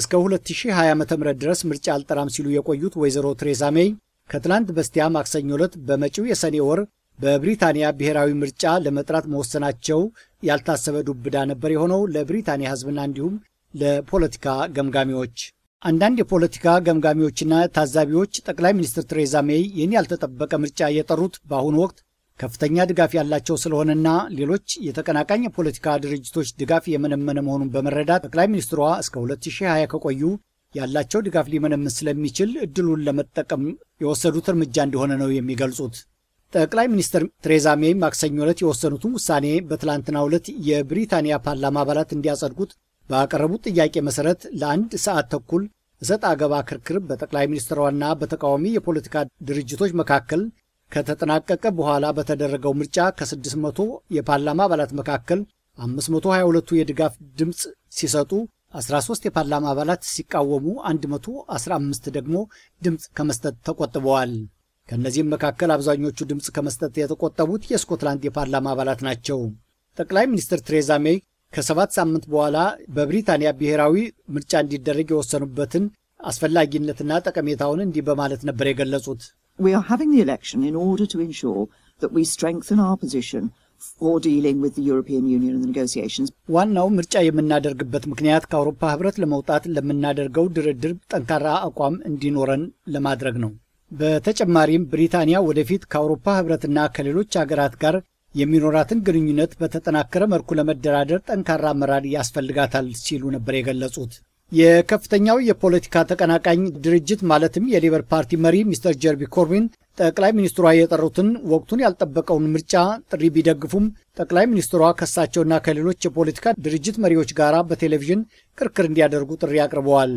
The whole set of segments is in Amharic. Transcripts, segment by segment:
እስከ 2020 ዓ ም ድረስ ምርጫ አልጠራም ሲሉ የቆዩት ወይዘሮ ቴሬዛ ሜይ ከትናንት በስቲያ ማክሰኞ ዕለት በመጪው የሰኔ ወር በብሪታንያ ብሔራዊ ምርጫ ለመጥራት መወሰናቸው ያልታሰበ ዱብዳ ነበር የሆነው ለብሪታንያ ሕዝብና እንዲሁም ለፖለቲካ ገምጋሚዎች። አንዳንድ የፖለቲካ ገምጋሚዎችና ታዛቢዎች ጠቅላይ ሚኒስትር ቴሬዛ ሜይ ይህን ያልተጠበቀ ምርጫ የጠሩት በአሁኑ ወቅት ከፍተኛ ድጋፍ ያላቸው ስለሆነና ሌሎች የተቀናቃኝ የፖለቲካ ድርጅቶች ድጋፍ የመነመነ መሆኑን በመረዳት ጠቅላይ ሚኒስትሯ እስከ 2020 ከቆዩ ያላቸው ድጋፍ ሊመነምን ስለሚችል እድሉን ለመጠቀም የወሰዱት እርምጃ እንደሆነ ነው የሚገልጹት። ጠቅላይ ሚኒስትር ቴሬዛ ሜይ ማክሰኞ ዕለት የወሰኑትን ውሳኔ በትላንትናው ዕለት የብሪታንያ ፓርላማ አባላት እንዲያጸድጉት ባቀረቡት ጥያቄ መሰረት ለአንድ ሰዓት ተኩል እሰጥ አገባ ክርክር በጠቅላይ ሚኒስትሯና በተቃዋሚ የፖለቲካ ድርጅቶች መካከል ከተጠናቀቀ በኋላ በተደረገው ምርጫ ከ600 የፓርላማ አባላት መካከል 522ቱ የድጋፍ ድምፅ ሲሰጡ 13 የፓርላማ አባላት ሲቃወሙ 115 ደግሞ ድምፅ ከመስጠት ተቆጥበዋል። ከእነዚህም መካከል አብዛኞቹ ድምፅ ከመስጠት የተቆጠቡት የስኮትላንድ የፓርላማ አባላት ናቸው። ጠቅላይ ሚኒስትር ቴሬዛ ሜይ ከሰባት ሳምንት በኋላ በብሪታንያ ብሔራዊ ምርጫ እንዲደረግ የወሰኑበትን አስፈላጊነትና ጠቀሜታውን እንዲህ በማለት ነበር የገለጹት። We are having the election in order to ensure that we strengthen our position for dealing with the European Union and the negotiations. ዋናው ምርጫ የምናደርግበት ምክንያት ከአውሮፓ ህብረት ለመውጣት ለምናደርገው ድርድር ጠንካራ አቋም እንዲኖረን ለማድረግ ነው። በተጨማሪም ብሪታንያ ወደፊት ከአውሮፓ ህብረትና ከሌሎች አገራት ጋር የሚኖራትን ግንኙነት በተጠናከረ መልኩ ለመደራደር ጠንካራ አመራር ያስፈልጋታል ሲሉ ነበር የገለጹት። የከፍተኛው የፖለቲካ ተቀናቃኝ ድርጅት ማለትም የሌበር ፓርቲ መሪ ሚስተር ጀርቢ ኮርቢን ጠቅላይ ሚኒስትሯ የጠሩትን ወቅቱን ያልጠበቀውን ምርጫ ጥሪ ቢደግፉም ጠቅላይ ሚኒስትሯ ከሳቸውና ከሌሎች የፖለቲካ ድርጅት መሪዎች ጋር በቴሌቪዥን ክርክር እንዲያደርጉ ጥሪ አቅርበዋል።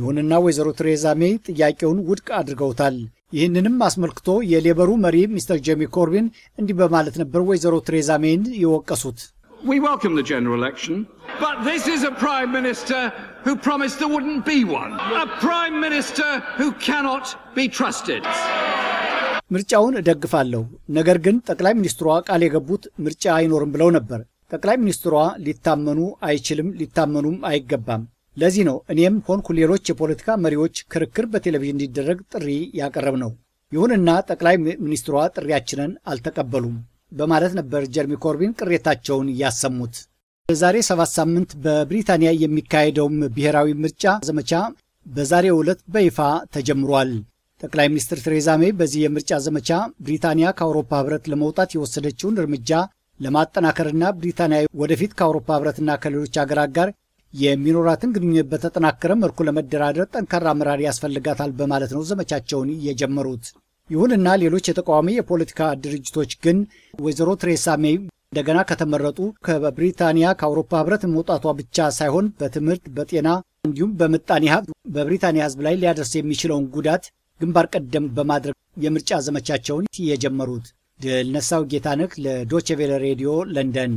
ይሁንና ወይዘሮ ቴሬዛ ሜይ ጥያቄውን ውድቅ አድርገውታል። ይህንንም አስመልክቶ የሌበሩ መሪ ሚስተር ጀርሚ ኮርቢን እንዲህ በማለት ነበር ወይዘሮ ቴሬዛ ሜይን የወቀሱት። We welcome the general election, but this is a prime minister who promised there wouldn't be one. A prime minister who cannot be trusted. ምርጫውን እደግፋለሁ፣ ነገር ግን ጠቅላይ ሚኒስትሯ ቃል የገቡት ምርጫ አይኖርም ብለው ነበር። ጠቅላይ ሚኒስትሯ ሊታመኑ አይችልም፣ ሊታመኑም አይገባም። ለዚህ ነው እኔም ሆንኩ ሌሎች የፖለቲካ መሪዎች ክርክር በቴሌቪዥን እንዲደረግ ጥሪ ያቀረብ ነው። ይሁንና ጠቅላይ ሚኒስትሯ ጥሪያችንን አልተቀበሉም በማለት ነበር ጀርሚ ኮርቢን ቅሬታቸውን ያሰሙት። የዛሬ ሰባት ሳምንት በብሪታንያ የሚካሄደውም ብሔራዊ ምርጫ ዘመቻ በዛሬው ዕለት በይፋ ተጀምሯል። ጠቅላይ ሚኒስትር ቴሬዛ ሜይ በዚህ የምርጫ ዘመቻ ብሪታንያ ከአውሮፓ ህብረት ለመውጣት የወሰደችውን እርምጃ ለማጠናከርና ብሪታንያ ወደፊት ከአውሮፓ ህብረትና ከሌሎች አገራት ጋር የሚኖራትን ግንኙነት በተጠናከረ መልኩ ለመደራደር ጠንካራ አመራር ያስፈልጋታል በማለት ነው ዘመቻቸውን የጀመሩት። ይሁንና ሌሎች የተቃዋሚ የፖለቲካ ድርጅቶች ግን ወይዘሮ ቴሬሳ ሜይ እንደገና ከተመረጡ ከብሪታንያ ከአውሮፓ ህብረት መውጣቷ ብቻ ሳይሆን በትምህርት፣ በጤና እንዲሁም በምጣኔ ሀብት በብሪታንያ ህዝብ ላይ ሊያደርስ የሚችለውን ጉዳት ግንባር ቀደም በማድረግ የምርጫ ዘመቻቸውን የጀመሩት። ድል ነሳው ጌታነህ ለዶቼ ቬለ ሬዲዮ ለንደን